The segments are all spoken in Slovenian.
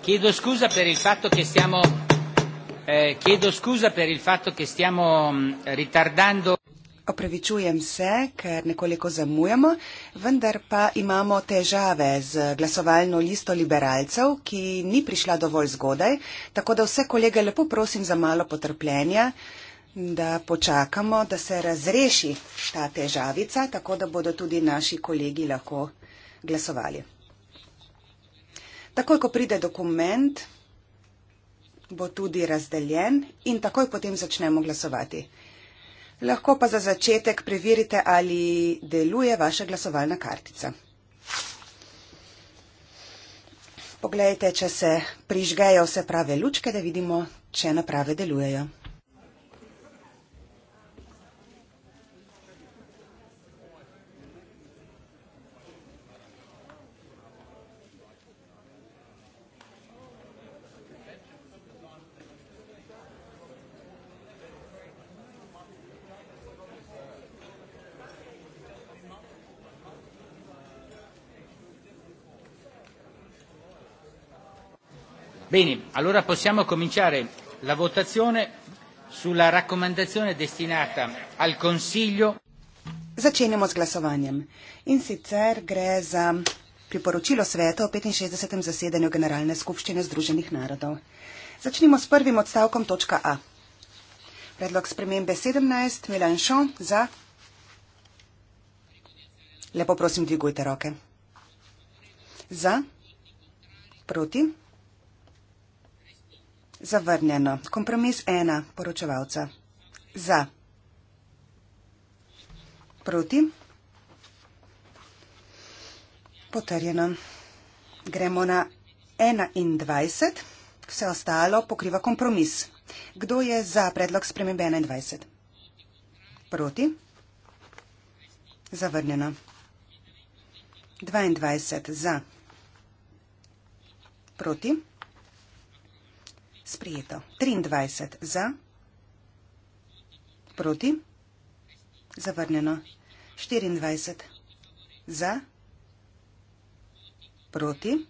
chiedo scusa per il fatto che stiamo, eh, scusa per il fatto che stiamo mh, mm, ritardando. Opravičujem se, ker nekoliko zamujamo, vendar pa imamo težave z glasovalno listo liberalcev, ki ni prišla dovolj zgodaj, tako da vse kolege lepo prosim za malo potrpljenja, da počakamo, da se razreši ta težavica, tako da bodo tudi naši kolegi lahko glasovali. Takoj, ko pride dokument, bo tudi razdeljen in takoj potem začnemo glasovati. Lahko pa za začetek preverite, ali deluje vaša glasovalna kartica. Poglejte, če se prižgejo vse prave lučke, da vidimo, če naprave delujejo. Bene, allora possiamo cominciare la votazione sulla raccomandazione destinata al Consiglio. Začenjamo z glasovanjem. In sicer gre za priporočilo svetu o 65. zasedanju Generalne skupščine Združenih narodov. Začnimo s prvim odstavkom točka A. Predlog spremembe 17. Melanchon za. Lepo prosim, dvigujte roke. Za. Proti. Zavrnjeno. Kompromis ena poročevalca. Za. Proti. Potrjeno. Gremo na 21. Vse ostalo pokriva kompromis. Kdo je za predlog spremembe 21? Proti. Zavrnjeno. 22 za. Proti. Sprijeto. 23 za. Proti. Zavrnjeno. 24 za. Proti.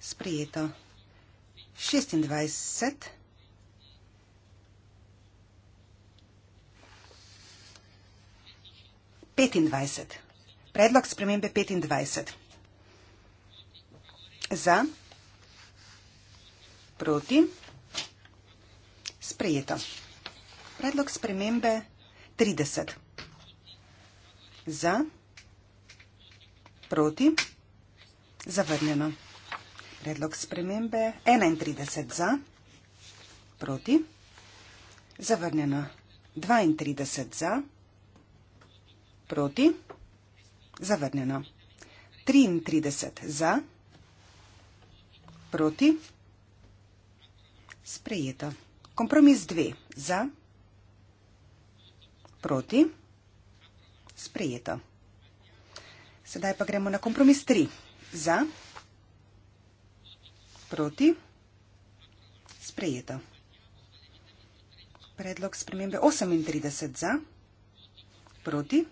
Sprijeto. 26. Petindvajset. Predlog spremembe petindvajset. Za proti sprejeta. Predlog spremembe 30. Za, proti, zavrnjeno. Predlog spremembe 31. Za, proti, zavrnjeno. 32. Za, proti, zavrnjeno. 33. Za, proti, zavrnjeno. Sprejeto. Kompromis dve. Za. Proti. Sprejeto. Sedaj pa gremo na kompromis tri. Za. Proti. Sprejeto. Predlog spremembe 38 za. Proti.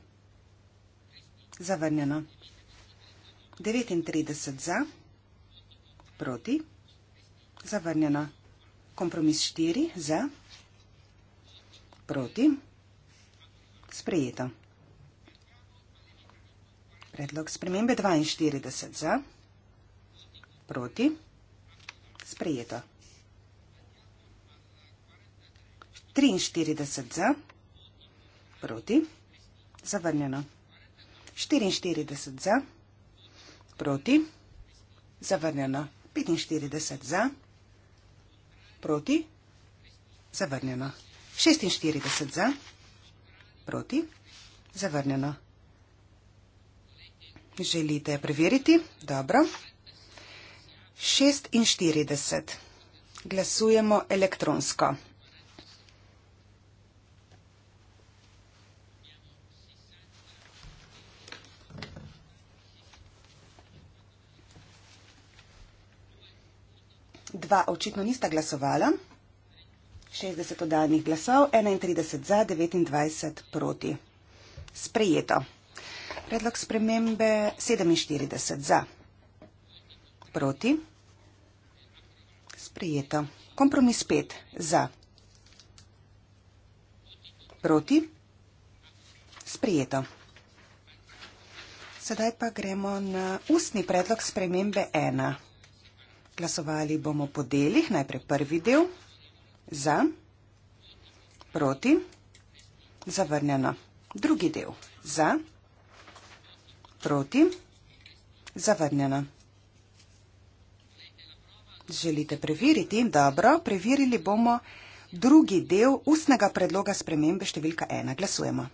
Zavrnjeno. 39 za. Proti. Zavrnjeno kompromis 4 za, proti, sprejeto. Predlog spremembe 42 za, proti, sprejeto. 43 za, proti, zavrnjeno. 44 za, proti, zavrnjeno. 45 za, proti. Proti? Zavrnjeno. 46 za? Proti? Zavrnjeno. Želite preveriti? Dobro. 46. Glasujemo elektronsko. dva očitno nista glasovala. 60 oddaljnih glasov, 31 za, 29 proti. Sprejeto. Predlog spremembe 47 za. Proti. Sprejeto. Kompromis 5 za. Proti. Sprejeto. Sedaj pa gremo na ustni predlog spremembe 1. Glasovali bomo po delih, najprej prvi del, za, proti, zavrnjeno. Drugi del, za, proti, zavrnjeno. Želite preveriti? Dobro, preverili bomo drugi del ustnega predloga spremembe številka ena. Glasujemo.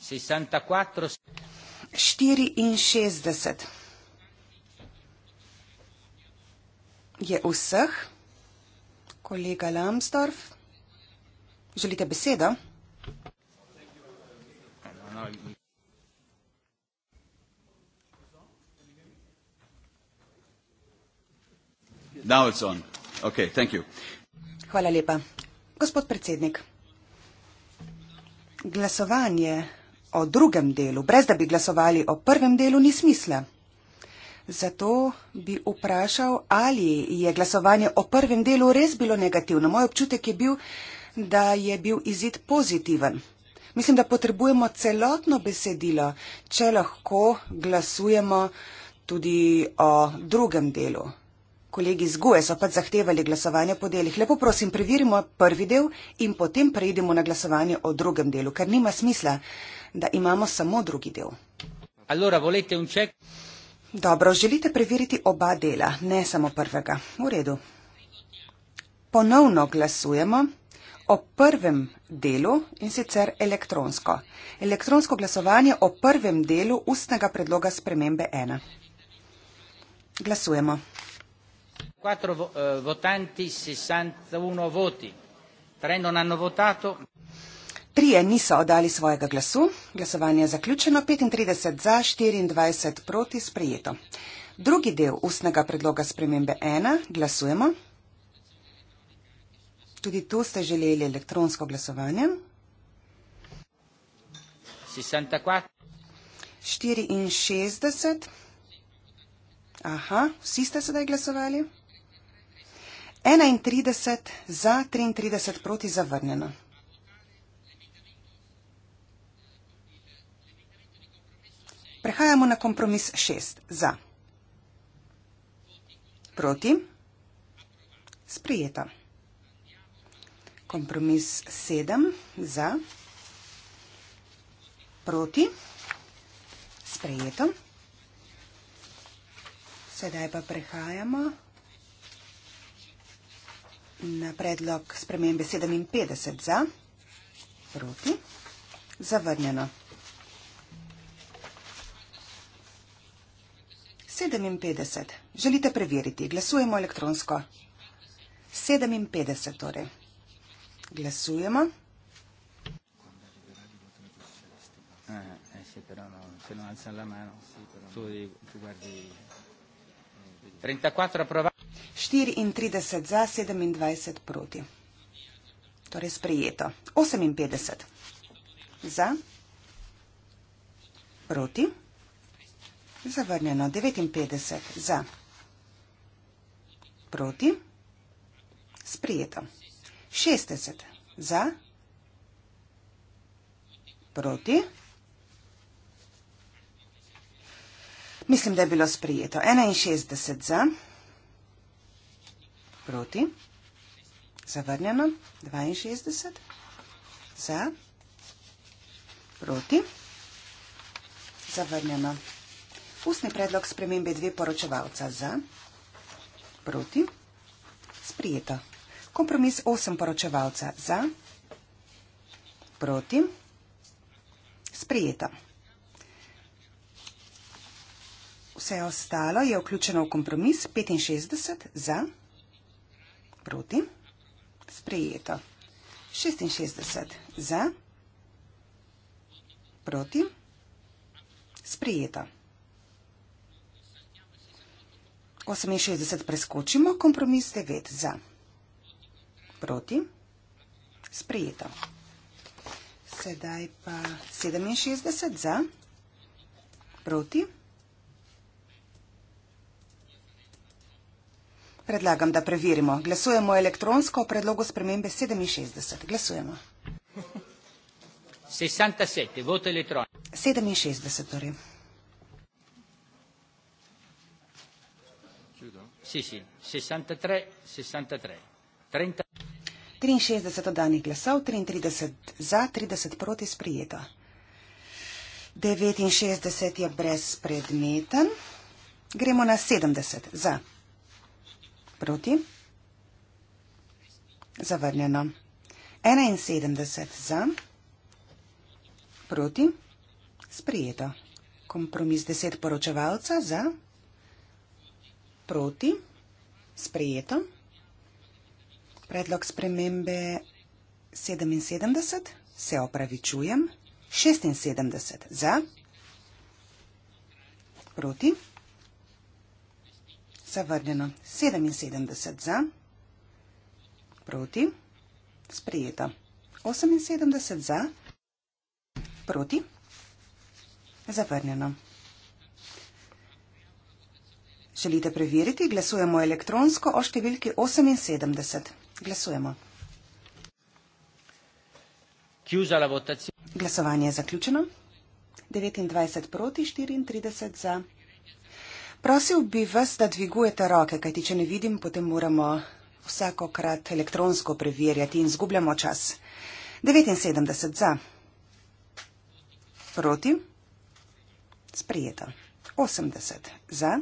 64. 64. je vseh. Kolega Lambsdorff, želite besedo? Okay, thank you. Hvala lepa. Gospod predsednik, glasovanje o drugem delu, brez da bi glasovali o prvem delu, ni smisla. Zato bi vprašal, ali je glasovanje o prvem delu res bilo negativno. Moj občutek je bil, da je bil izid pozitiven. Mislim, da potrebujemo celotno besedilo, če lahko glasujemo tudi o drugem delu. Kolegi iz GUE so pač zahtevali glasovanje po delih. Lepo prosim, preverimo prvi del in potem prejdemo na glasovanje o drugem delu, ker nima smisla, da imamo samo drugi del. Allora, Dobro, želite preveriti oba dela, ne samo prvega. V redu. Ponovno glasujemo o prvem delu in sicer elektronsko. Elektronsko glasovanje o prvem delu ustnega predloga spremembe 1. Glasujemo. 4 eh, votanti 61 voti. 3 non hanno votato. Trije niso oddali svojega glasu, glasovanje je zaključeno, 35 za, 24 proti sprejeto. Drugi del ustnega predloga spremembe 1 glasujemo. Tudi tu ste želeli elektronsko glasovanje. 64. Aha, vsi ste sedaj glasovali. 31 za, 33 proti zavrnjeno. Prehajamo na kompromis šest. Za. Proti. Sprijeta. Kompromis sedem. Za. Proti. Sprijeta. Sedaj pa prehajamo na predlog spremembe 57 za, proti, zavrnjeno. 57. Želite preveriti? Glasujemo elektronsko. 57 torej. Glasujemo. Ah, eh, eh, però no, se non alzano la mano, tu, no. tu guardi. 34 eh, approvati. 34 za, 27 proti. Torej sprejeto. 58 za, proti. Zavrnjeno 59 za. Proti. Sprijeto. 60 za. Proti. Mislim, da je bilo sprijeto. 61 za. Proti. Zavrnjeno 62 za. Proti. Zavrnjeno 62 za. Ustni predlog spremembe dve poročevalca za, proti, sprijeto. Kompromis osem poročevalca za, proti, sprijeto. Vse ostalo je vključeno v kompromis 65 za, proti, sprijeto. 66 za, proti, sprijeto. 68 preskočimo, kompromis 9 za, proti, sprijeto. Sedaj pa 67 za, proti. Predlagam, da preverimo. Glasujemo elektronsko o predlogu spremembe 67. Glasujemo. 67, voto elektronsko. 67, torej. Sì, sì, 63, 63. 30. 63 oddanih glasov, 33 za, 30 proti sprijeto. 69 je brezpredmeten. Gremo na 70 za. Proti. Zavrnjeno. 71 za. Proti. Sprijeto. Kompromis 10 poročevalca za proti, sprejeto. Predlog spremembe 77, se opravičujem, 76 za, proti, zavrnjeno, 77 za, proti, sprejeto, 78 za, proti, zavrnjeno. Želite preveriti? Glasujemo elektronsko o številki 78. Glasujemo. Glasovanje je zaključeno. 29 proti 34 za. Prosil bi vas, da dvigujete roke, kajti če ne vidim, potem moramo vsakokrat elektronsko preverjati in zgubljamo čas. 79 za. Proti. Sprijeto. 80 za.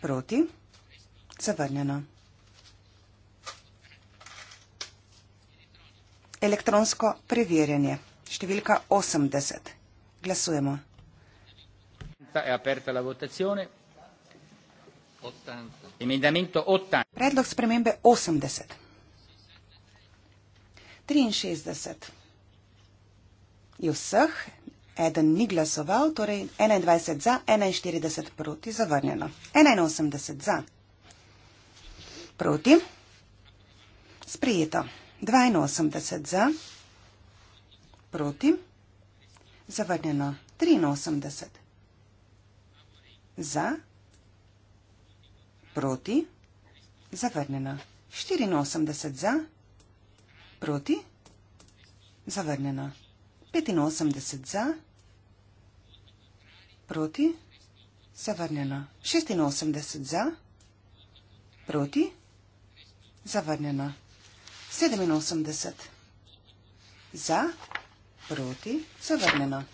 Proti? Zavrnjeno. Elektronsko preverjanje. Številka 80. Glasujemo. È aperta la votazione. 80. Emendamento 80. Predlog spremembe 80. 63. Je vseh eden ni glasoval, torej 21 za, 41 proti zavrnjeno. 81 za. Proti. Sprijeto. 82 za. Proti. Zavrnjeno. 83. Za. Proti. Zavrnjeno. 84 za. Proti. Zavrnjeno. 85 za. Proti. Zavrnjeno. 86 za. Proti. Zavrnjeno. 87. Za. Proti. Zavrnjeno.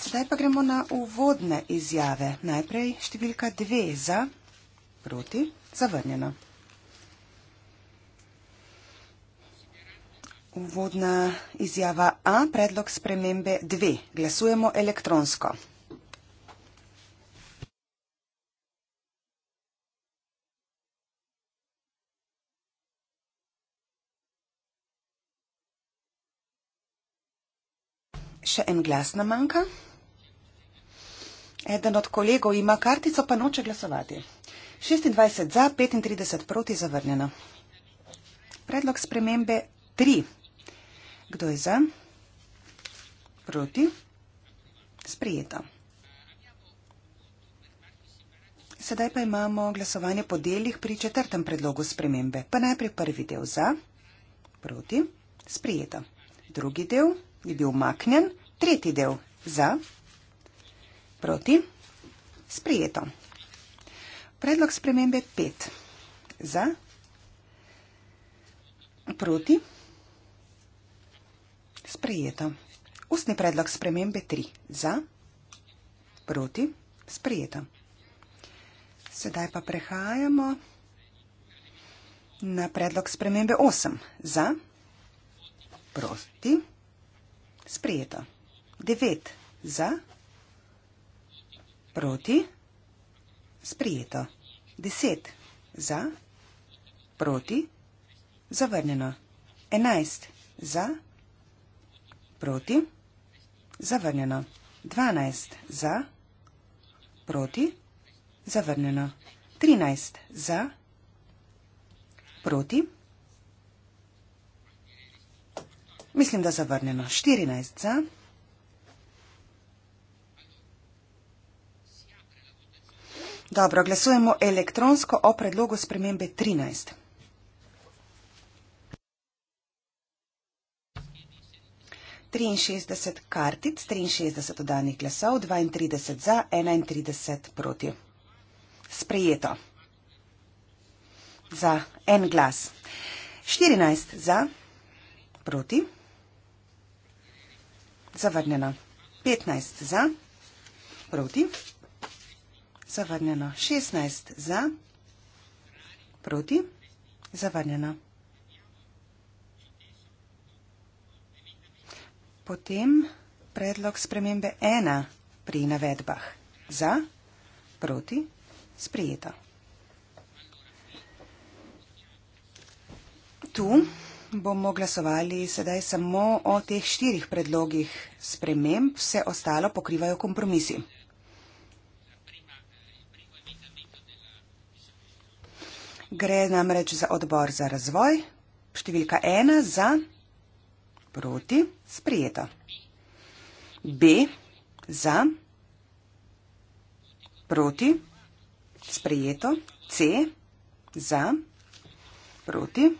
Sedaj pa gremo na uvodne izjave. Najprej številka 2 za. Proti. Zavrnjeno. Uvodna izjava A, predlog spremembe 2. Glasujemo elektronsko. še en glas nam manjka. Eden od kolegov ima kartico, pa noče glasovati. 26 za, 35 proti zavrnjeno. Predlog spremembe 3. Kdo je za? Proti? Sprijeta. Sedaj pa imamo glasovanje po delih pri četrtem predlogu spremembe. Pa najprej prvi del za, proti, sprijeta. Drugi del je bil umaknjen, tretji del za, proti, sprijeto. Predlog spremembe 5 za, proti, sprijeto. Ustni predlog spremembe 3 za, proti, sprijeto. Sedaj pa prehajamo na predlog spremembe 8 za, proti, sprijeto. Sprijeto. 9 za, proti. Sprijeto. 10 za, proti. Zavrnjeno. 11 za, proti. Zavrnjeno. 12 za, proti. Zavrnjeno. 13 za, proti. Mislim, da zavrnjeno. 14 za. Dobro, glasujemo elektronsko o predlogu spremembe 13. Triinšestdeset kartic, triinšestdeset oddanih glasov, dvaintrideset za, enaintrideset proti. Sprejeto. Za en glas. Štirinajst za, proti zavrnjeno. 15 za, proti, zavrnjeno. 16 za, proti, zavrnjeno. Potem predlog spremembe 1 pri navedbah. Za, proti, sprijeto. Tu bomo glasovali sedaj samo o teh štirih predlogih sprememb, vse ostalo pokrivajo kompromisi. Gre namreč za odbor za razvoj, številka ena za proti sprijeto. B za proti sprijeto, C za proti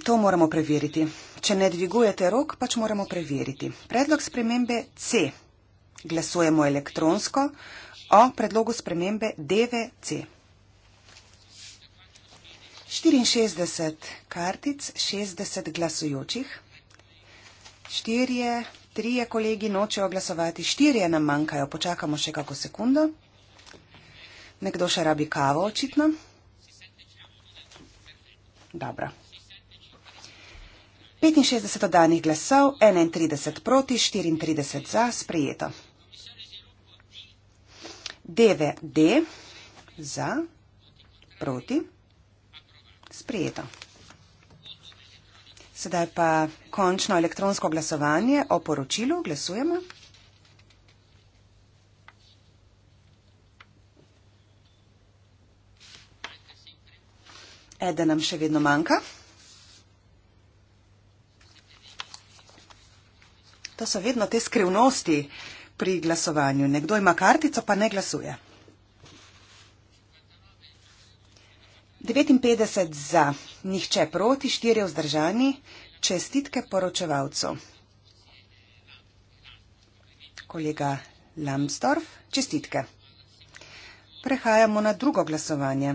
To moramo preveriti. Če ne dvigujete rok, pač moramo preveriti. Predlog spremembe C. Glasujemo elektronsko o predlogu spremembe DVC. 64 kartic, 60 glasujočih. 4, 3 kolegi nočejo glasovati, 4 nam manjkajo, počakamo še kako sekundo. Nekdo še rabi kavo, očitno. Dobro. 65 oddanih glasov, 31 proti, 34 za sprejeto. DVD za, proti, sprejeto. Sedaj pa končno elektronsko glasovanje o poročilu. Glasujemo. Eden nam še vedno manjka. To so vedno te skrivnosti pri glasovanju. Nekdo ima kartico, pa ne glasuje. 59 za, nihče proti, 4 vzdržani, čestitke poročevalcu. Kolega Lambsdorff, čestitke. Prehajamo na drugo glasovanje.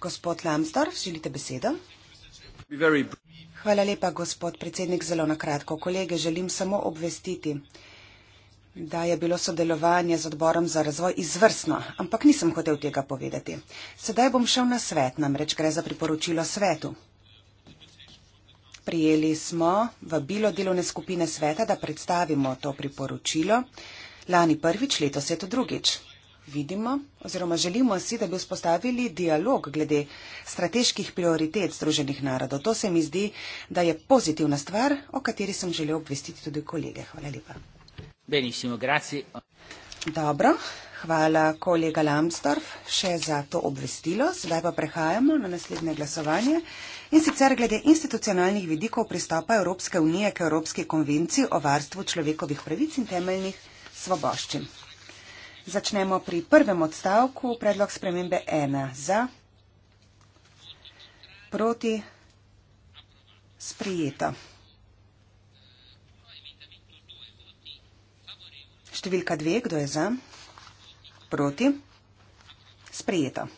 Gospod Lambsdorff, želite besedo? Hvala lepa, gospod predsednik. Zelo na kratko, kolege, želim samo obvestiti, da je bilo sodelovanje z odborom za razvoj izvrstno, ampak nisem hotel tega povedati. Sedaj bom šel na svet, namreč gre za priporočilo svetu. Prijeli smo vabilo delovne skupine sveta, da predstavimo to priporočilo. Lani prvič, letos je to drugič vidimo oziroma želimo si, da bi vzpostavili dialog glede strateških prioritet Združenih narodov. To se mi zdi, da je pozitivna stvar, o kateri sem želel obvestiti tudi kolege. Hvala lepa. Benissimo, grazie. Dobro, hvala kolega Lambsdorff še za to obvestilo. Sedaj pa prehajamo na naslednje glasovanje. In sicer glede institucionalnih vidikov pristopa Evropske unije k Evropski konvenciji o varstvu človekovih pravic in temeljnih svoboščin. Začnemo pri prvem odstavku. Predlog spremembe ena za, proti, sprijeto. Številka dve, kdo je za, proti, sprijeto.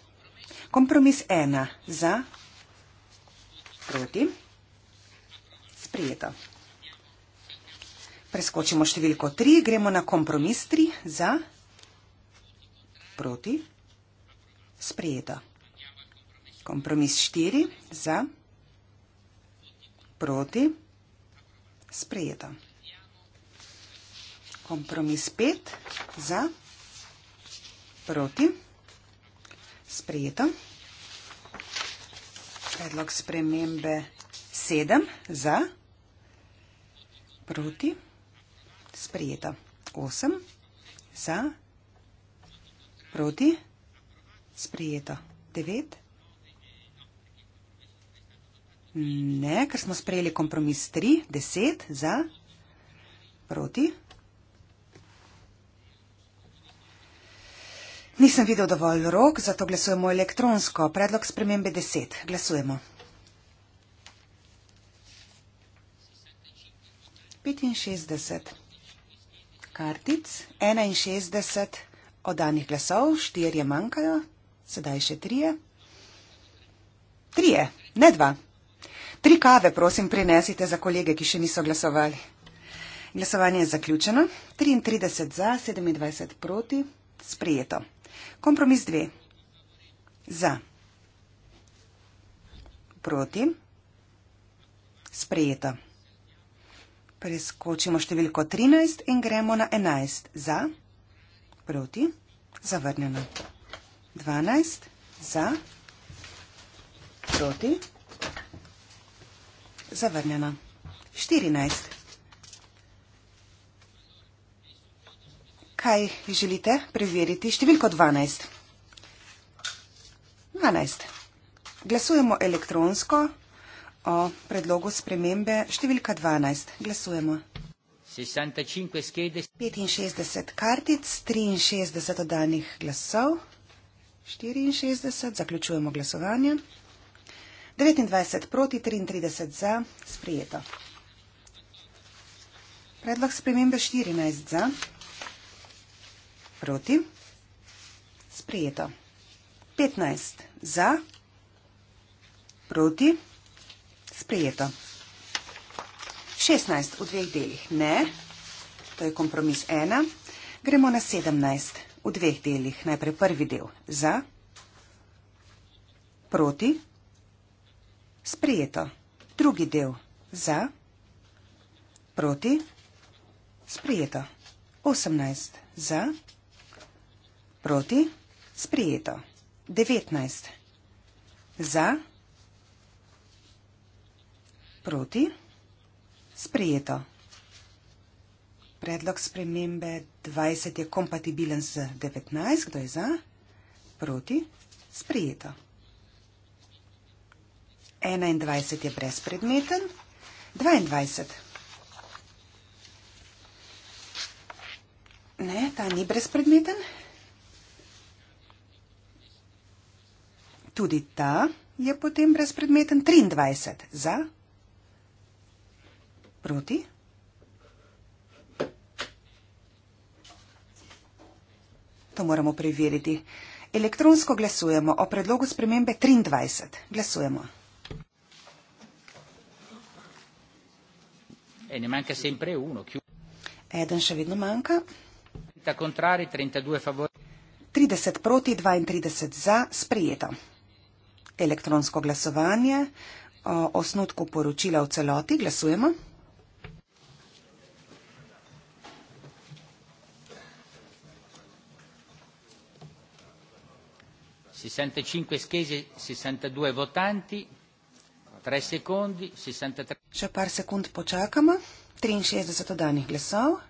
Kompromis ena za, proti, sprijeto. Preskočimo številko 3, gremo na kompromis 3 za Proti. Sprejeto. Kompromis štiri. Za. Proti. Sprejeto. Kompromis pet. Za. Proti. Sprejeto. Predlog spremembe sedem. Za. Proti. Sprejeto. Osem. Za. Proti. Proti? Sprijeto. Devet? Ne, ker smo sprejeli kompromis tri. Deset za? Proti? Nisem videl dovolj rok, zato glasujemo elektronsko. Predlog spremembe deset. Glasujemo. 65. Kartic 61 oddanih glasov, štirje manjkajo, sedaj še trije. Trije, ne dva. Tri kave, prosim, prinesite za kolege, ki še niso glasovali. Glasovanje je zaključeno. 33 za, 27 proti, sprejeto. Kompromis 2. Za. Proti. Sprejeto. Preskočimo številko 13 in gremo na 11. Za. Proti. Zavrnjeno. 12. Za. Proti. Zavrnjeno. 14. Kaj želite preveriti? Številko 12. 12. Glasujemo elektronsko o predlogu spremembe številka 12. Glasujemo. 65 kartic, 63 oddanih glasov, 64 zaključujemo glasovanje, 29 proti 33 za, sprijeto. Predlog spremembe 14 za, proti, sprijeto. 15 za, proti, sprijeto. 16 v dveh delih. Ne, to je kompromis 1. Gremo na 17 v dveh delih. Najprej prvi del za, proti, sprijeto. Drugi del za, proti, sprijeto. 18 za, proti, sprijeto. 19 za, proti, sprijeto. Sprejeto. Predlog spremembe 20 je kompatibilen z 19. Kdo je za? Proti. Sprejeto. 21 je brezpredmeten. 22. Ne, ta ni brezpredmeten. Tudi ta je potem brezpredmeten. 23 za. Roti? To moramo preveriti. Elektronsko glasujemo o predlogu spremembe 23. Glasujemo. E ne manca sempre uno. Eden še vedno manjka. 30 proti, 32 za, sprijeto. Elektronsko glasovanje o osnutku poročila v celoti. Glasujemo. 65 schese, 62 votanti, 3 secondi, 63. Še par sekund počakamo. 63 danih glasov.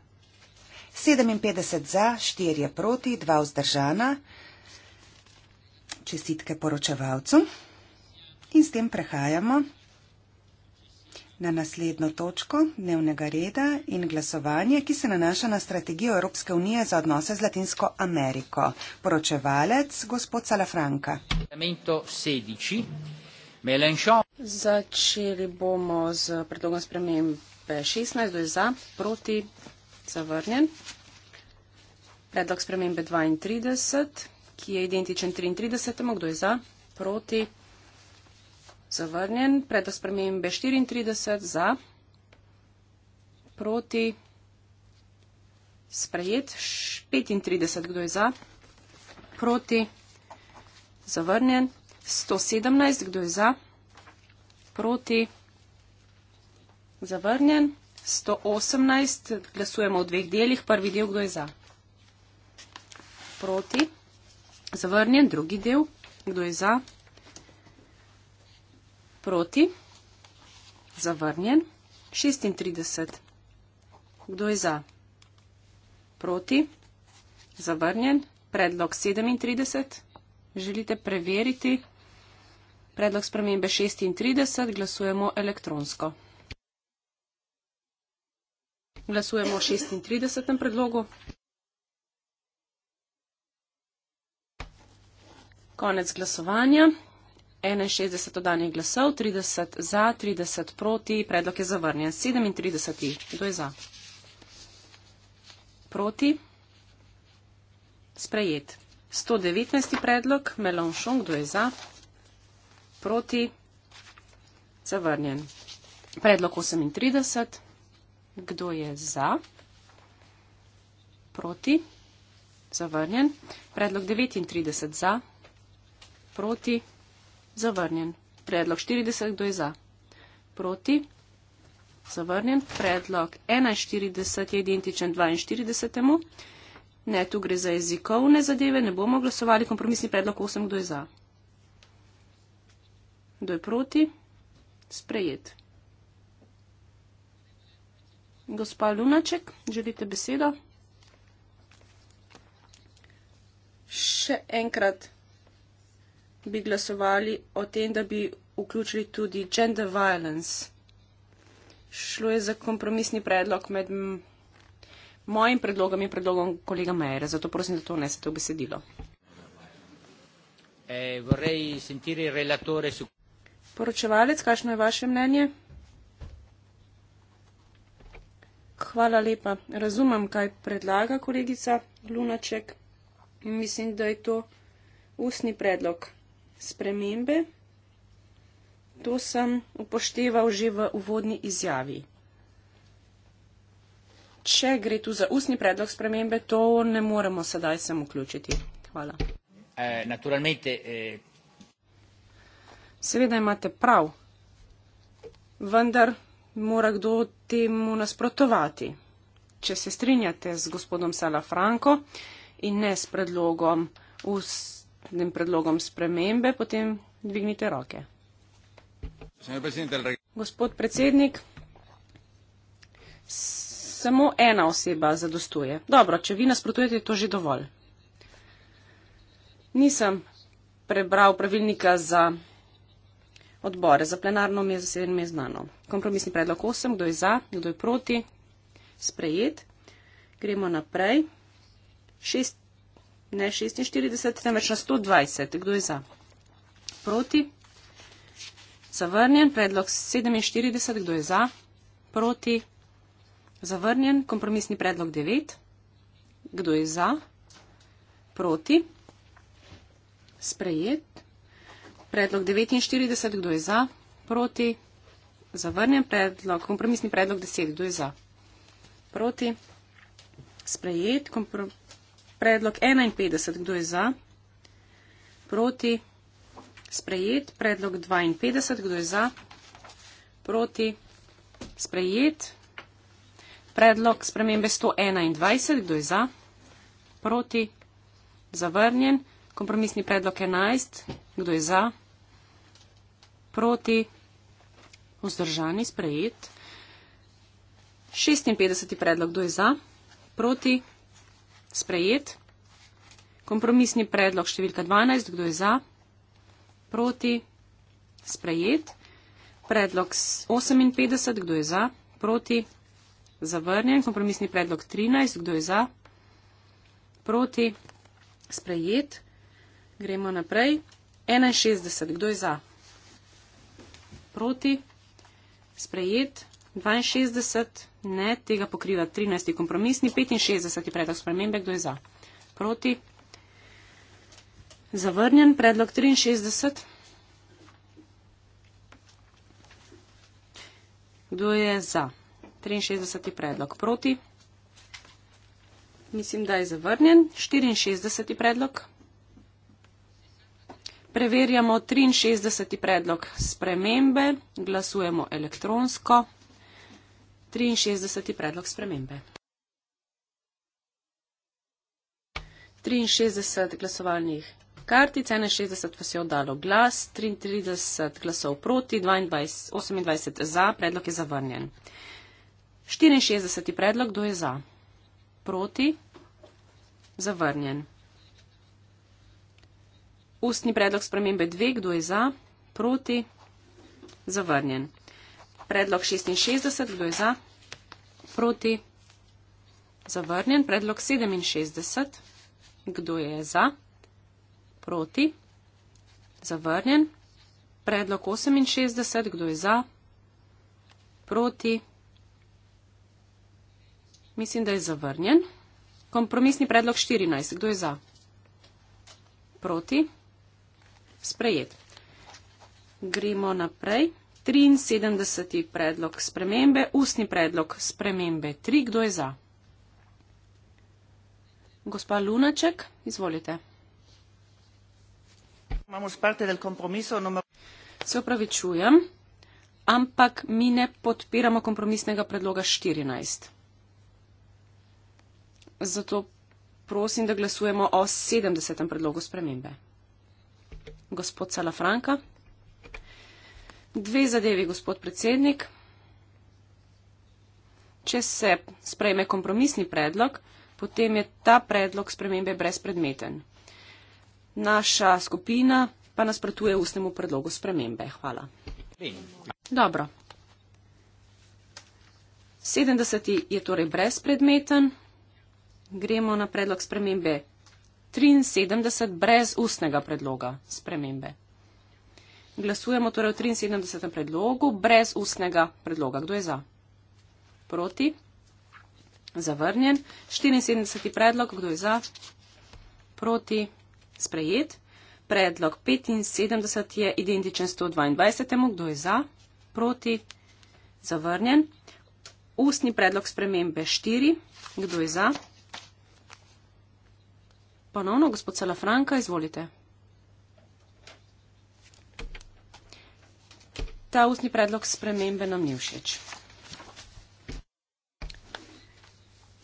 57 za, 4 je proti, 2 vzdržana. Čestitke poročevalcu. In s tem prehajamo na naslednjo točko dnevnega reda in glasovanje, ki se nanaša na strategijo Evropske unije za odnose z Latinsko Ameriko. Poročevalec gospod Salafranka. Začeli bomo z predlogom spremembe 16, kdo je za, proti, zavrnjen. Predlog spremembe 32, ki je identičen 33, kdo je za, proti, zavrnjen, predo spremembe 34 za, proti sprejet 35, kdo je za, proti zavrnjen 117, kdo je za, proti zavrnjen 118, glasujemo v dveh delih, prvi del, kdo je za, proti zavrnjen, drugi del, kdo je za, proti zavrnjen, proti, zavrnjen, 36, kdo je za, proti, zavrnjen, predlog 37, želite preveriti, predlog spremembe 36, glasujemo elektronsko. Glasujemo o 36. predlogu. Konec glasovanja. 61 dodanih glasov, 30 za, 30 proti. Predlog je zavrnjen. 37. Kdo je za? Proti. Sprejet. 119. predlog. Melonšon. Kdo je za? Proti. Zavrnjen. Predlog 38. Kdo je za? Proti. Zavrnjen. Predlog 39 za. Proti zavrnjen. Predlog 40, kdo je za? Proti, zavrnjen. Predlog 41 je identičen 42. Ne, tu gre za jezikovne zadeve, ne bomo glasovali. Kompromisni predlog 8, kdo je za? Kdo je proti? Sprejet. Gospa Lunaček, želite besedo? Še enkrat bi glasovali o tem, da bi vključili tudi gender violence. Šlo je za kompromisni predlog med mojim predlogom in predlogom kolega Mejera, zato prosim, da to unesete v besedilo. Eh, Poročevalec, kakšno je vaše mnenje? Hvala lepa. Razumem, kaj predlaga kolegica Lunaček in mislim, da je to ustni predlog spremembe. To sem upošteval že v uvodni izjavi. Če gre tu za ustni predlog spremembe, to ne moremo sedaj sem vključiti. Hvala. Eh, naturalmente. Eh, Seveda imate prav, vendar mora kdo temu nasprotovati. Če se strinjate z gospodom Salafranko in ne s predlogom ustnega, tem predlogom spremembe, potem dvignite roke. Gospod predsednik, samo ena oseba zadostuje. Dobro, če vi nasprotujete, je to že dovolj. Nisem prebral pravilnika za odbore, za plenarno mi je zaseden mi je znano. Kompromisni predlog 8, kdo je za, kdo je proti, sprejet. Gremo naprej. 6 ne 46, temveč na 120. Kdo je za? Proti. Zavrnjen. Predlog 47. Kdo je za? Proti. Zavrnjen. Kompromisni predlog 9. Kdo je za? Proti. Sprejet. Predlog 49. Kdo je za? Proti. Zavrnjen predlog, kompromisni predlog 10. Kdo je za? Proti. Sprejet. Kompro, Predlog 51, kdo je za? Proti. Sprejet. Predlog 52, kdo je za? Proti. Sprejet. Predlog spremembe 121, kdo je za? Proti. Zavrnjen. Kompromisni predlog 11, kdo je za? Proti. Vzdržani. Sprejet. 56. predlog, kdo je za? Proti sprejet. Kompromisni predlog številka 12, kdo je za? Proti. Sprejet. Predlog 58, kdo je za? Proti. Zavrnjen. Kompromisni predlog 13, kdo je za? Proti. Sprejet. Gremo naprej. 61, kdo je za? Proti. Sprejet. 62. Ne, tega pokriva 13. kompromisni, 65. predlog spremembe, kdo je za? Proti? Zavrnjen predlog 63. Kdo je za? 63. predlog proti. Mislim, da je zavrnjen. 64. predlog. Preverjamo 63. predlog spremembe. Glasujemo elektronsko. 63. predlog spremembe. 63 glasovalnih kartic, 61 vas je oddalo glas, 33 glasov proti, 22, 28 za, predlog je zavrnjen. 64. predlog, kdo je za? Proti? Zavrnjen. Ustni predlog spremembe 2, kdo je za? Proti? Zavrnjen. Predlog 66, kdo je za? proti? Zavrnjen. Predlog 67. Kdo je za? Proti. Zavrnjen. Predlog 68. Kdo je za? Proti. Mislim, da je zavrnjen. Kompromisni predlog 14. Kdo je za? Proti. Sprejet. Gremo naprej. 73. predlog spremembe, ustni predlog spremembe 3. Kdo je za? Gospa Lunaček, izvolite. Se upravičujem, ampak mi ne podpiramo kompromisnega predloga 14. Zato prosim, da glasujemo o 70. predlogu spremembe. Gospod Salafranka, Dve zadevi, gospod predsednik. Če se sprejme kompromisni predlog, potem je ta predlog spremembe brezpredmeten. Naša skupina pa nasprotuje ustnemu predlogu spremembe. Hvala. Dobro. 70. je torej brezpredmeten. Gremo na predlog spremembe 73 brez ustnega predloga spremembe. Glasujemo torej o 73. predlogu brez ustnega predloga. Kdo je za? Proti? Zavrnjen. 74. predlog. Kdo je za? Proti? Sprejet. Predlog 75 je identičen 122. Kdo je za? Proti? Zavrnjen. Ustni predlog spremembe 4. Kdo je za? Ponovno, gospod Salafranka, izvolite. ta ustni predlog spremembe nam ni všeč.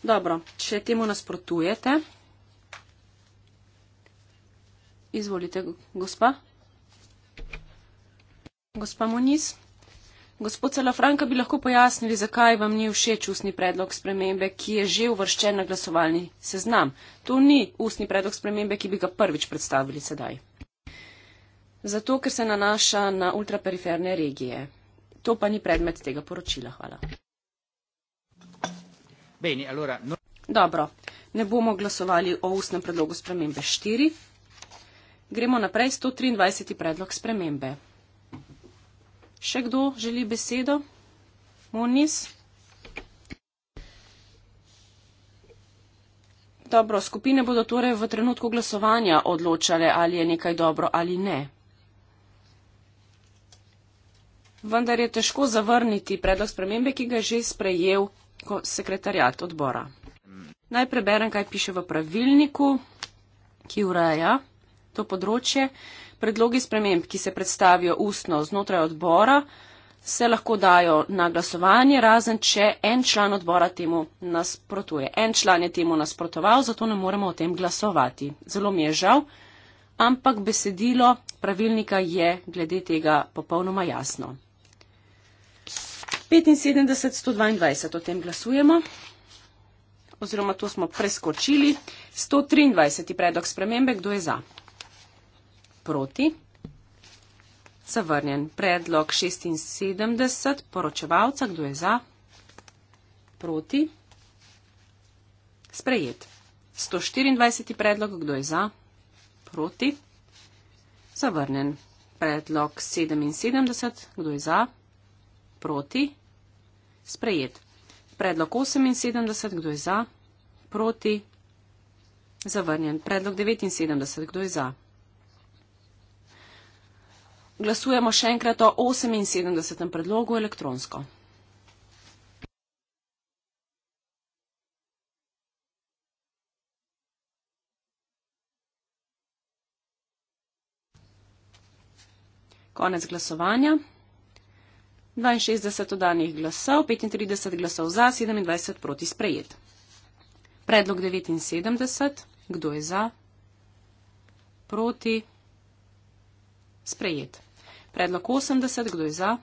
Dobro, če temu nasprotujete, izvolite, gospa. Gospa Moniz. Gospod Salafranka, bi lahko pojasnili, zakaj vam ni všeč ustni predlog spremembe, ki je že uvrščen na glasovalni seznam. To ni ustni predlog spremembe, ki bi ga prvič predstavili sedaj zato ker se nanaša na ultraperiferne regije. To pa ni predmet tega poročila. Hvala. Bene, allora, no... Dobro, ne bomo glasovali o ustnem predlogu spremembe 4. Gremo naprej 123. predlog spremembe. Še kdo želi besedo? Moniz? Dobro, skupine bodo torej v trenutku glasovanja odločale, ali je nekaj dobro ali ne vendar je težko zavrniti predlog spremembe, ki ga je že sprejel sekretarjat odbora. Naj preberem, kaj piše v pravilniku, ki ureja to področje. Predlogi sprememb, ki se predstavijo ustno znotraj odbora, se lahko dajo na glasovanje, razen če en član odbora temu nasprotuje. En član je temu nasprotoval, zato ne moremo o tem glasovati. Zelo mi je žal, ampak besedilo pravilnika je glede tega popolnoma jasno. 75, 122, o tem glasujemo. Oziroma, to smo preskočili. 123. predlog spremembe, kdo je za? Proti. Zavrnjen. Predlog 76, poročevalca, kdo je za? Proti. Sprejet. 124. predlog, kdo je za? Proti. Zavrnjen. Predlog 77, kdo je za? Proti sprejet. Predlog 78, kdo je za? Proti? Zavrnjen. Predlog 79, kdo je za? Glasujemo še enkrat o 78. predlogu elektronsko. Konec glasovanja. 62 odanih glasov, 35 glasov za, 27 proti sprejet. Predlog 79. Kdo je za? Proti? Sprejet. Predlog 80. Kdo je za?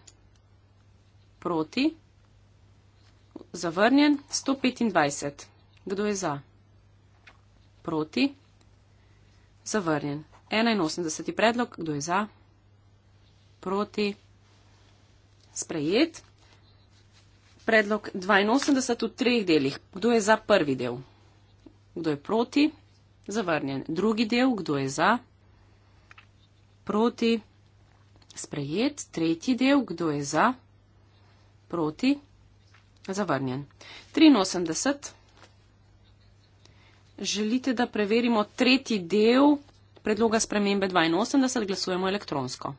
Proti? Zavrnjen. 125. Kdo je za? Proti? Zavrnjen. 81. predlog. Kdo je za? Proti? sprejet. Predlog 82 v treh delih. Kdo je za prvi del? Kdo je proti? Zavrnjen. Drugi del. Kdo je za? Proti. Sprejet. Tretji del. Kdo je za? Proti. Zavrnjen. 83. Želite, da preverimo tretji del predloga spremembe 82? Glasujemo elektronsko.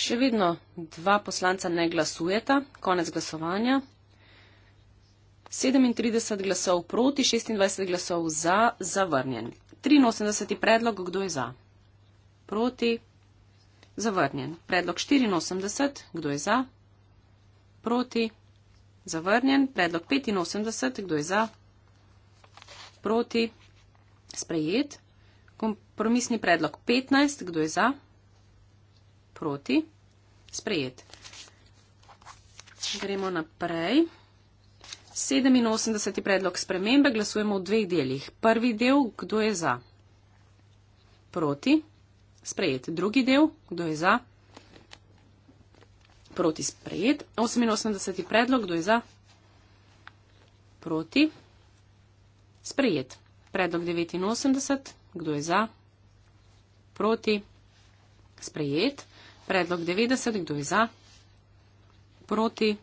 Še vedno dva poslanca ne glasujeta, konec glasovanja. 37 glasov proti, 26 glasov za, zavrnjen. 83. predlog, kdo je za? Proti, zavrnjen. Predlog 84, kdo je za? Proti, zavrnjen. Predlog 85, kdo je za? Proti, sprejet. Kompromisni predlog 15, kdo je za? Proti proti. Sprejet. Gremo naprej. 87. predlog spremembe glasujemo v dveh delih. Prvi del, kdo je za? Proti. Sprejet. Drugi del, kdo je za? Proti. Sprejet. 88. predlog, kdo je za? Proti. Sprejet. Predlog 89. Kdo je za? Proti. Sprejet. Predlog 90, kdo je za? Proti?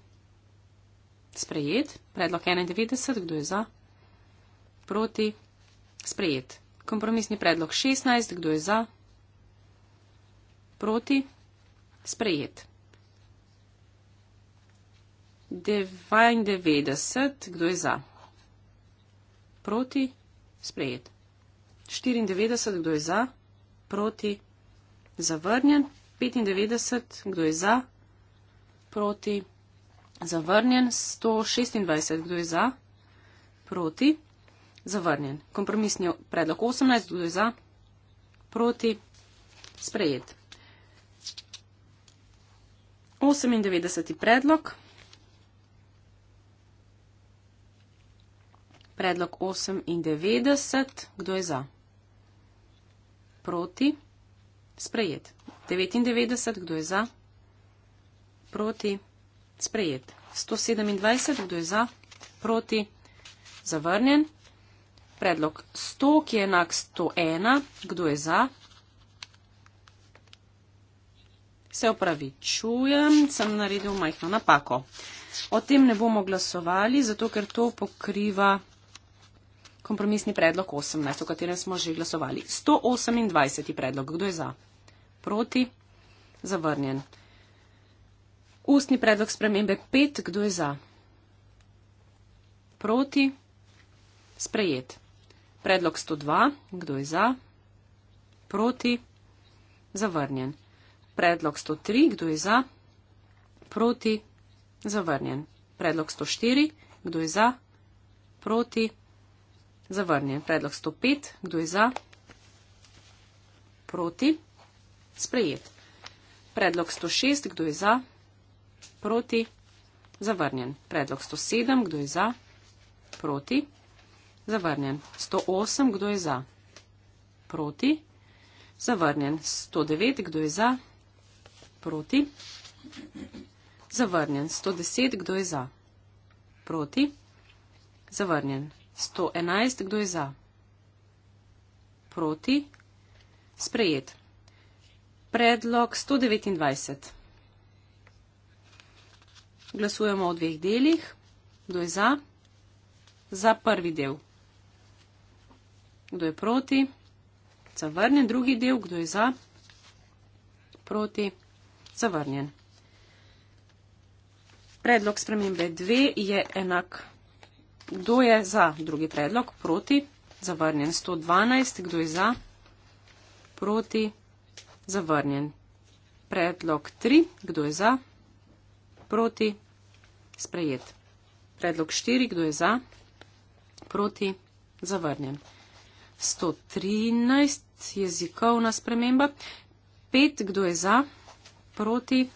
Sprejet. Predlog 91, kdo je za? Proti? Sprejet. Kompromisni predlog 16, kdo je za? Proti? Sprejet. 92, kdo je za? Proti? Sprejet. 94, kdo je za? Proti? Zavrnjen. 95, kdo je za, proti, zavrnjen, 126, kdo je za, proti, zavrnjen. Kompromisni predlog 18, kdo je za, proti, sprejet. 98. predlog. Predlog 98. Kdo je za? Proti. Sprejet. 99, kdo je za? Proti. Sprejet. 127, kdo je za? Proti. Zavrnjen. Predlog 100, ki je enak 101, kdo je za? Se opravičujem, sem naredil majhno napako. O tem ne bomo glasovali, zato ker to pokriva kompromisni predlog 18, o katerem smo že glasovali. 128. predlog, kdo je za? proti? Zavrnjen. Ustni predlog spremembe 5. Kdo je za? Proti? Sprejet. Predlog 102. Kdo je za? Proti? Zavrnjen. Predlog 103. Kdo je za? Proti? Zavrnjen. Predlog 104. Kdo je za? Proti? Zavrnjen. Predlog 105. Kdo je za? Proti? sprejet. Predlog 106, kdo je za? Proti. Zavrnjen. Predlog 107, kdo je za? Proti. Zavrnjen. 108, kdo je za? Proti. Zavrnjen. 109, kdo je za? Proti. Zavrnjen. 110, kdo je za? Proti. Zavrnjen. 111, kdo je za? Proti. Sprejet predlog 129. Glasujemo o dveh delih. Kdo je za? Za prvi del. Kdo je proti? Zavrnjen. Drugi del. Kdo je za? Proti. Zavrnjen. Predlog spremembe 2 je enak. Kdo je za drugi predlog? Proti. Zavrnjen 112. Kdo je za? Proti zavrnjen. Predlog 3. Kdo je za? Proti? Sprejet. Predlog 4. Kdo je za? Proti? Zavrnjen. 113. Jezikovna sprememba. 5. Kdo je za? Proti?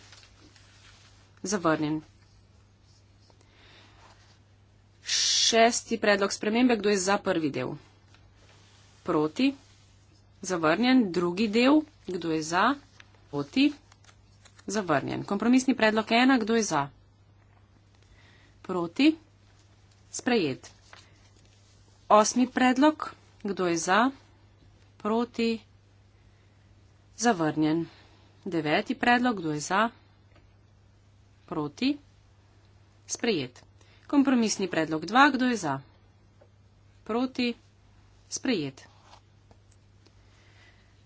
Zavrnjen. Šesti predlog spremembe. Kdo je za prvi del? Proti? Zavrnjen. Drugi del. Kdo je za? Proti. Zavrnjen. Kompromisni predlog ena. Kdo je za? Proti. Sprejet. Osmi predlog. Kdo je za? Proti. Zavrnjen. Deveti predlog. Kdo je za? Proti. Sprejet. Kompromisni predlog 2. Kdo je za? Proti. Sprejet.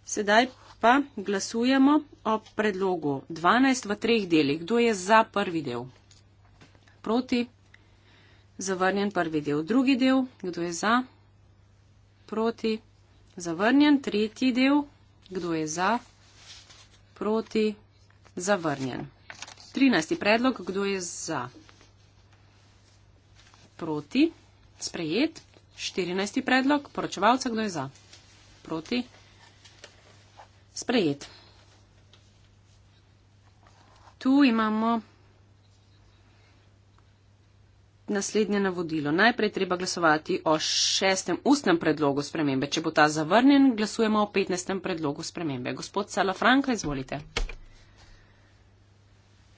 Sedaj pa glasujemo o predlogu 12 v treh delih. Kdo je za prvi del? Proti? Zavrnjen prvi del. Drugi del? Kdo je za? Proti? Zavrnjen tretji del? Kdo je za? Proti? Zavrnjen. 13. predlog. Kdo je za? Proti? Sprejet. 14. predlog. Poročevalca. Kdo je za? Proti? sprejet. Tu imamo naslednje navodilo. Najprej treba glasovati o šestem ustnem predlogu spremembe. Če bo ta zavrnjen, glasujemo o petnestem predlogu spremembe. Gospod Salafranka, izvolite.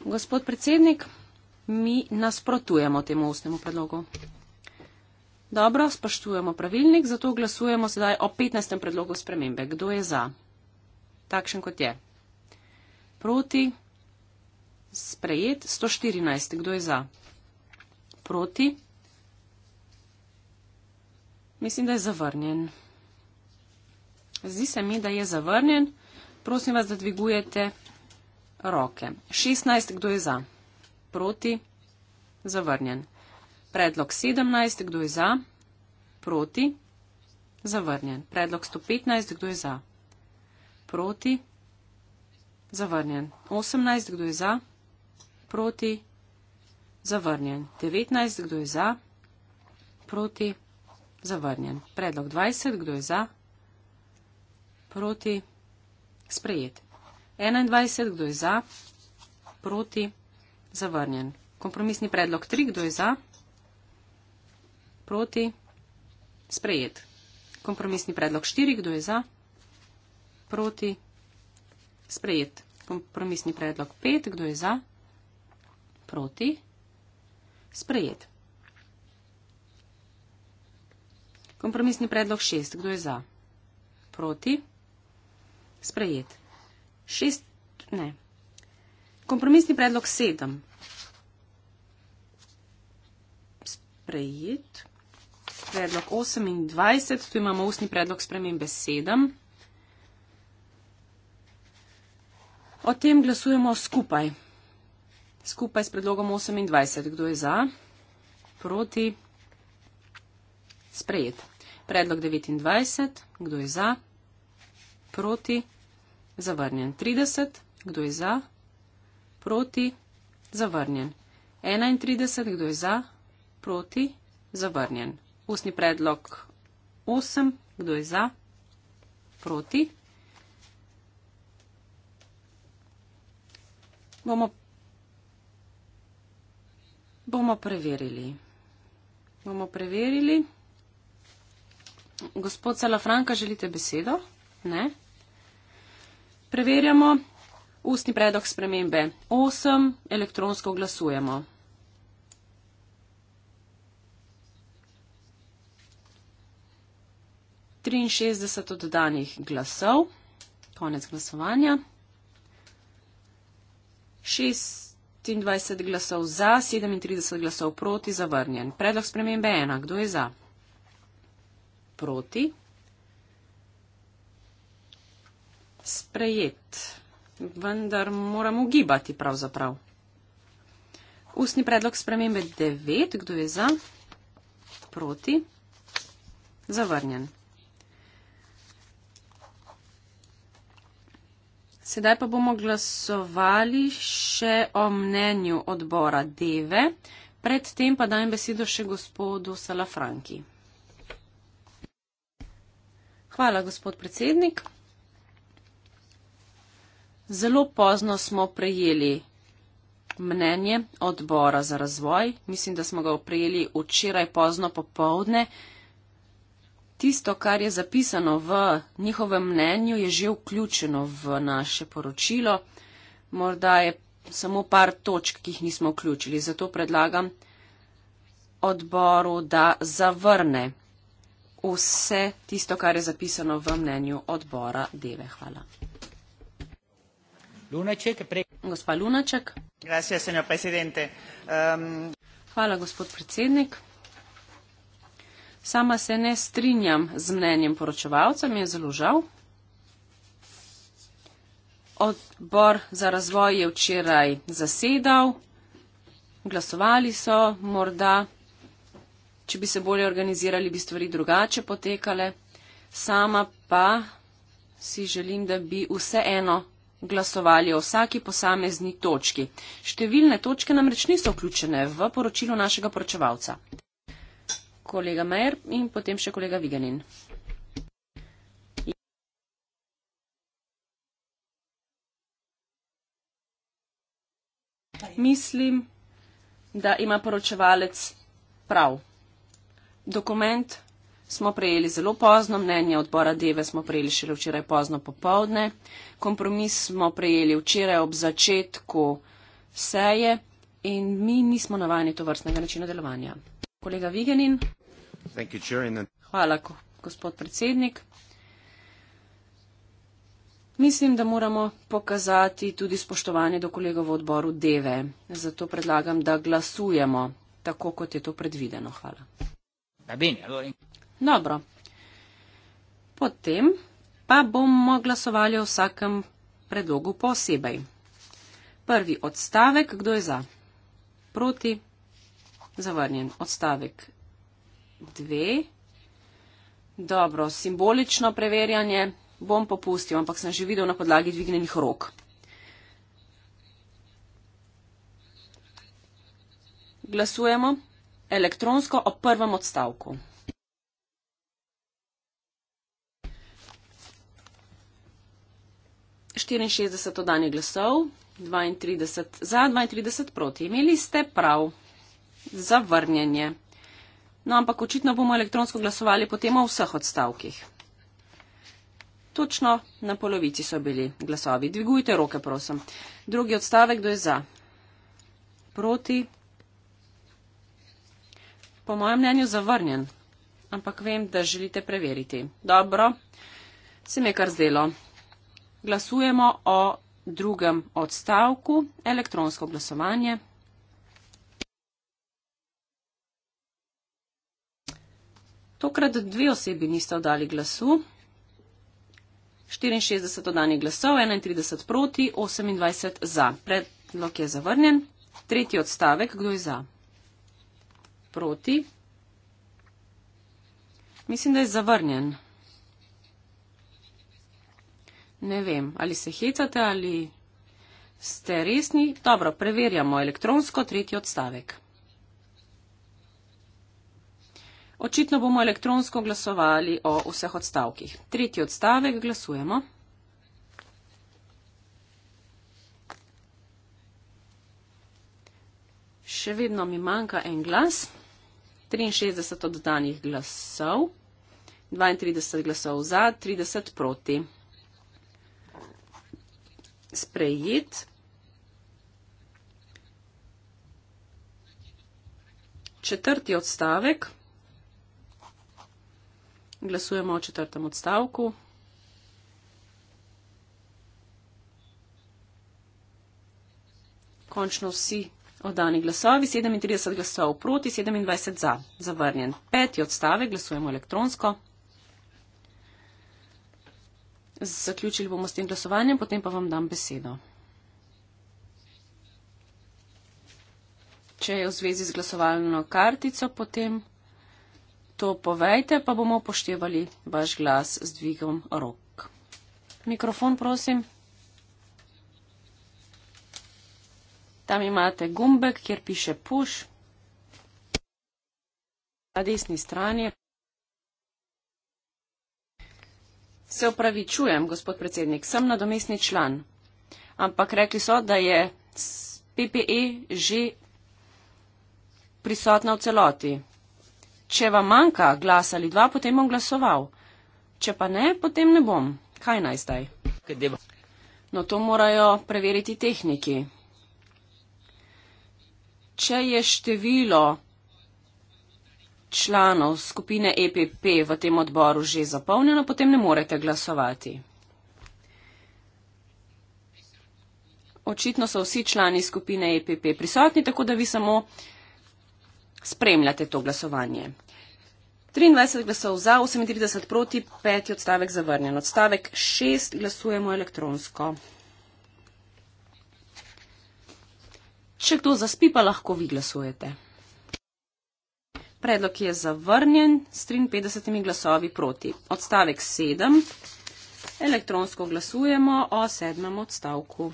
Gospod predsednik, mi nasprotujemo temu ustnemu predlogu. Dobro, spoštujemo pravilnik, zato glasujemo sedaj o 15. predlogu spremembe. Kdo je za? takšen, kot je. Proti, sprejet 114. Kdo je za? Proti, mislim, da je zavrnjen. Zdi se mi, da je zavrnjen. Prosim vas, da dvigujete roke. 16. Kdo je za? Proti, zavrnjen. Predlog 17. Kdo je za? Proti, zavrnjen. Predlog 115. Kdo je za? proti, zavrnjen. 18, kdo je za, proti, zavrnjen. 19, kdo je za, proti, zavrnjen. Predlog 20, kdo je za, proti, sprejet. 21, kdo je za, proti, zavrnjen. Kompromisni predlog 3, kdo je za, proti, sprejet. Kompromisni predlog 4, kdo je za, proti, sprejet proti. Sprejet. Kompromisni predlog 5. Kdo je za? Proti. Sprejet. Kompromisni predlog 6. Kdo je za? Proti. Sprejet. 6. Ne. Kompromisni predlog 7. Sprejet. Predlog 28. Tu imamo ustni predlog spremembe 7. O tem glasujemo skupaj. Skupaj s predlogom 28. Kdo je za? Proti? Sprejet. Predlog 29. Kdo je za? Proti? Zavrnjen. 30. Kdo je za? Proti? Zavrnjen. 31. Kdo je za? Proti? Zavrnjen. Usni predlog 8. Kdo je za? Proti? Bomo, bomo preverili. Bomo preverili. Gospod Salafranka, želite besedo? Ne. Preverjamo. Ustni predlog spremembe 8. Elektronsko glasujemo. Triinšestdeset oddanih glasov, konec glasovanja. 26 glasov za, 37 glasov proti, zavrnjen. Predlog spremembe je enak. Kdo je za? Proti. Sprejet. Vendar moramo gibati pravzaprav. Ustni predlog spremembe 9. Kdo je za? Proti. Zavrnjen. Sedaj pa bomo glasovali še o mnenju odbora Deve. Predtem pa dajem besedo še gospodu Salafranki. Hvala, gospod predsednik. Zelo pozno smo prejeli mnenje odbora za razvoj. Mislim, da smo ga prejeli včeraj pozno popovdne tisto, kar je zapisano v njihovem mnenju, je že vključeno v naše poročilo. Morda je samo par točk, ki jih nismo vključili. Zato predlagam odboru, da zavrne vse tisto, kar je zapisano v mnenju odbora Deve. Hvala. Lunaček, pre... Gospa Lunaček. Gracias, um... Hvala, gospod predsednik. Sama se ne strinjam z mnenjem poročevalca, mi je zelo žal. Odbor za razvoj je včeraj zasedal, glasovali so, morda, če bi se bolje organizirali, bi stvari drugače potekale. Sama pa si želim, da bi vseeno glasovali o vsaki posamezni točki. Številne točke namreč niso vključene v poročilo našega poročevalca kolega Majer in potem še kolega Viganin. Mislim, da ima poročevalec prav. Dokument smo prejeli zelo pozno, mnenje odbora Deve smo prejeli šele včeraj pozno popovdne, kompromis smo prejeli včeraj ob začetku seje in mi nismo navajeni to vrstnega načina delovanja. Kolega Viganin. Hvala, gospod predsednik. Mislim, da moramo pokazati tudi spoštovanje do kolega v odboru Deve. Zato predlagam, da glasujemo tako, kot je to predvideno. Hvala. Ja, Dobro. Potem pa bomo glasovali o vsakem predlogu posebej. Prvi odstavek, kdo je za? Proti? Zavrnjen. Odstavek dve. Dobro, simbolično preverjanje bom popustil, ampak sem že videl na podlagi dvignjenih rok. Glasujemo elektronsko o prvem odstavku. Štiriinšestdeset oddanih glasov, dvaintrideset za, dvaintrideset proti. Imeli ste prav zavrnjenje. No, ampak očitno bomo elektronsko glasovali potem o vseh odstavkih. Točno na polovici so bili glasovi. Dvigujte roke, prosim. Drugi odstavek, kdo je za? Proti? Po mojem mnenju zavrnjen, ampak vem, da želite preveriti. Dobro, se mi je kar zdelo. Glasujemo o drugem odstavku, elektronsko glasovanje. Tokrat dve osebi nista oddali glasu. 64 oddanih glasov, 31 proti, 28 za. Predlog je zavrnjen. Tretji odstavek, kdo je za? Proti. Mislim, da je zavrnjen. Ne vem, ali se hecate ali ste resni. Dobro, preverjamo elektronsko tretji odstavek. Očitno bomo elektronsko glasovali o vseh odstavkih. Tretji odstavek glasujemo. Še vedno mi manjka en glas. 63 oddanih glasov, 32 glasov za, 30 proti. Sprejet. Četrti odstavek. Glasujemo o četrtem odstavku. Končno vsi oddani glasovi, 37 glasov proti, 27 za, zavrnjen. Peti odstavek, glasujemo elektronsko. Zaključili bomo s tem glasovanjem, potem pa vam dam besedo. Če je v zvezi z glasovalno kartico, potem to povejte, pa bomo upoštevali vaš glas z dvigom rok. Mikrofon, prosim. Tam imate gumbek, kjer piše push. Na desni strani. Se upravičujem, gospod predsednik, sem nadomestni član. Ampak rekli so, da je PPE že prisotna v celoti. Če vam manjka glas ali dva, potem bom glasoval. Če pa ne, potem ne bom. Kaj naj zdaj? No, to morajo preveriti tehniki. Če je število članov skupine EPP v tem odboru že zapolnjeno, potem ne morete glasovati. Očitno so vsi člani skupine EPP prisotni, tako da vi samo spremljate to glasovanje. 23 glasov za, 38 proti, 5 odstavek zavrnjen. Odstavek 6 glasujemo elektronsko. Če kdo zaspi, pa lahko vi glasujete. Predlog je zavrnjen s 53 glasovi proti. Odstavek 7. Elektronsko glasujemo o sedmem odstavku.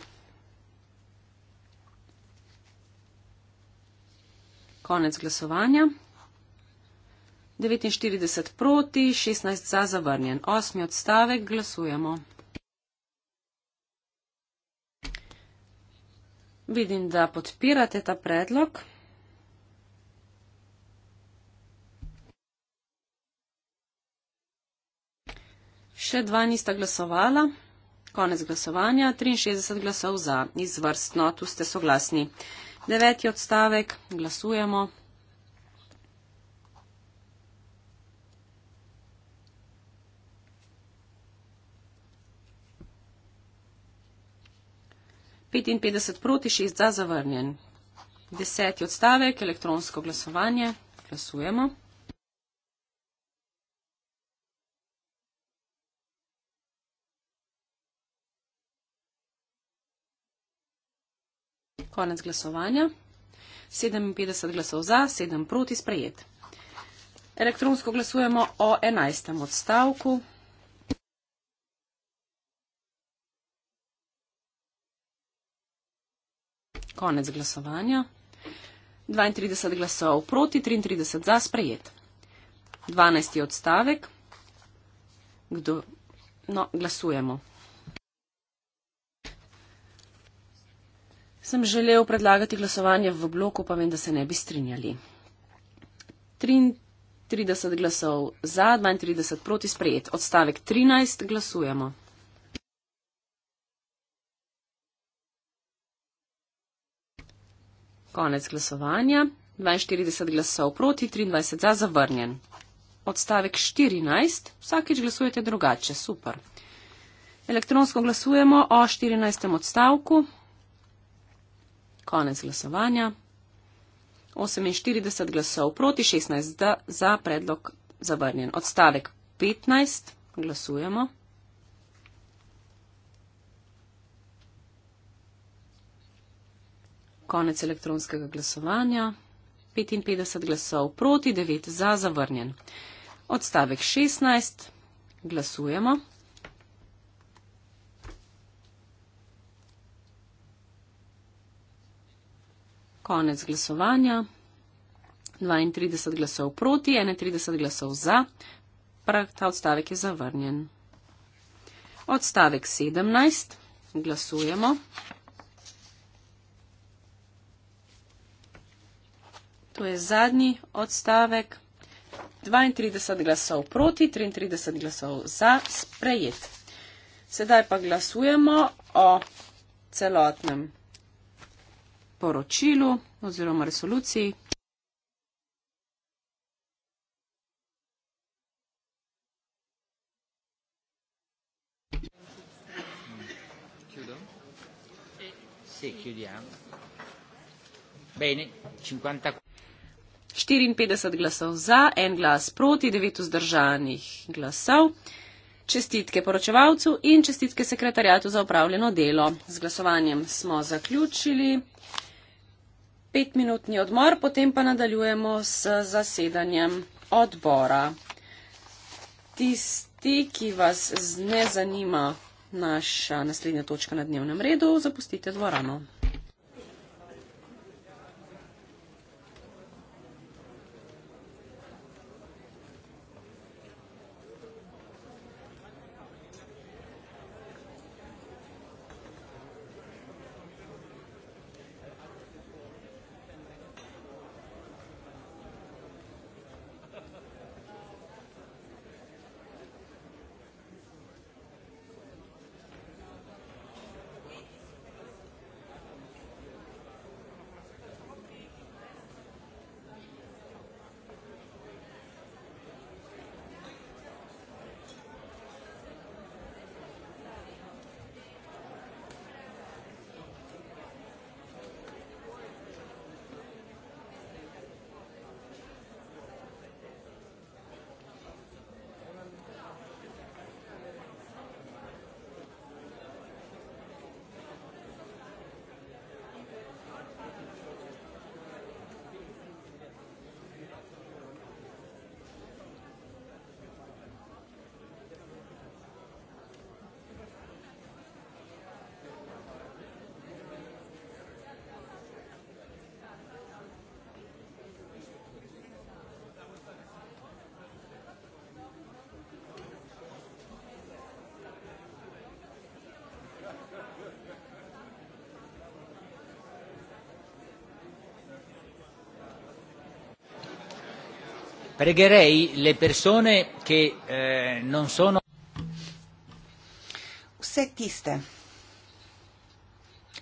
Konec glasovanja. 49 proti, 16 za zavrnjen. Osmi odstavek glasujemo. Vidim, da podpirate ta predlog. Še dva nista glasovala. Konec glasovanja. 63 glasov za. Izvrstno, tu ste soglasni deveti odstavek. Glasujemo. petinpetdeset proti šest za zavrnjen deseti odstavek elektronsko glasovanje glasujemo Konec glasovanja. 57 glasov za, 7 proti sprejet. Elektronsko glasujemo o 11. odstavku. Konec glasovanja. 32 glasov proti, 33 za sprejet. 12. odstavek. Kdo? No, glasujemo. sem želel predlagati glasovanje v bloku, pa vem, da se ne bi strinjali. 33 glasov za, 32 proti sprejet. Odstavek 13 glasujemo. Konec glasovanja. 42 glasov proti, 23 za zavrnjen. Odstavek 14. Vsakič glasujete drugače. Super. Elektronsko glasujemo o 14. odstavku. Konec glasovanja. 48 glasov proti, 16 da, za predlog zavrnjen. Odstavek 15. Glasujemo. Konec elektronskega glasovanja. 55 glasov proti, 9 za zavrnjen. Odstavek 16. Glasujemo. Konec glasovanja. 32 glasov proti, 31 glasov za. Prav ta odstavek je zavrnjen. Odstavek 17. Glasujemo. To je zadnji odstavek. 32 glasov proti, 33 glasov za sprejet. Sedaj pa glasujemo o celotnem poročilu oziroma resoluciji. Bene, 54 glasov za, en glas proti, devet vzdržanih glasov. Čestitke poročevalcu in čestitke sekretarjatu za upravljeno delo. Z glasovanjem smo zaključili petminutni odmor, potem pa nadaljujemo s zasedanjem odbora. Tisti, ki vas ne zanima naša naslednja točka na dnevnem redu, zapustite dvorano. pregherei le persone che eh, non sono. Vse tiste,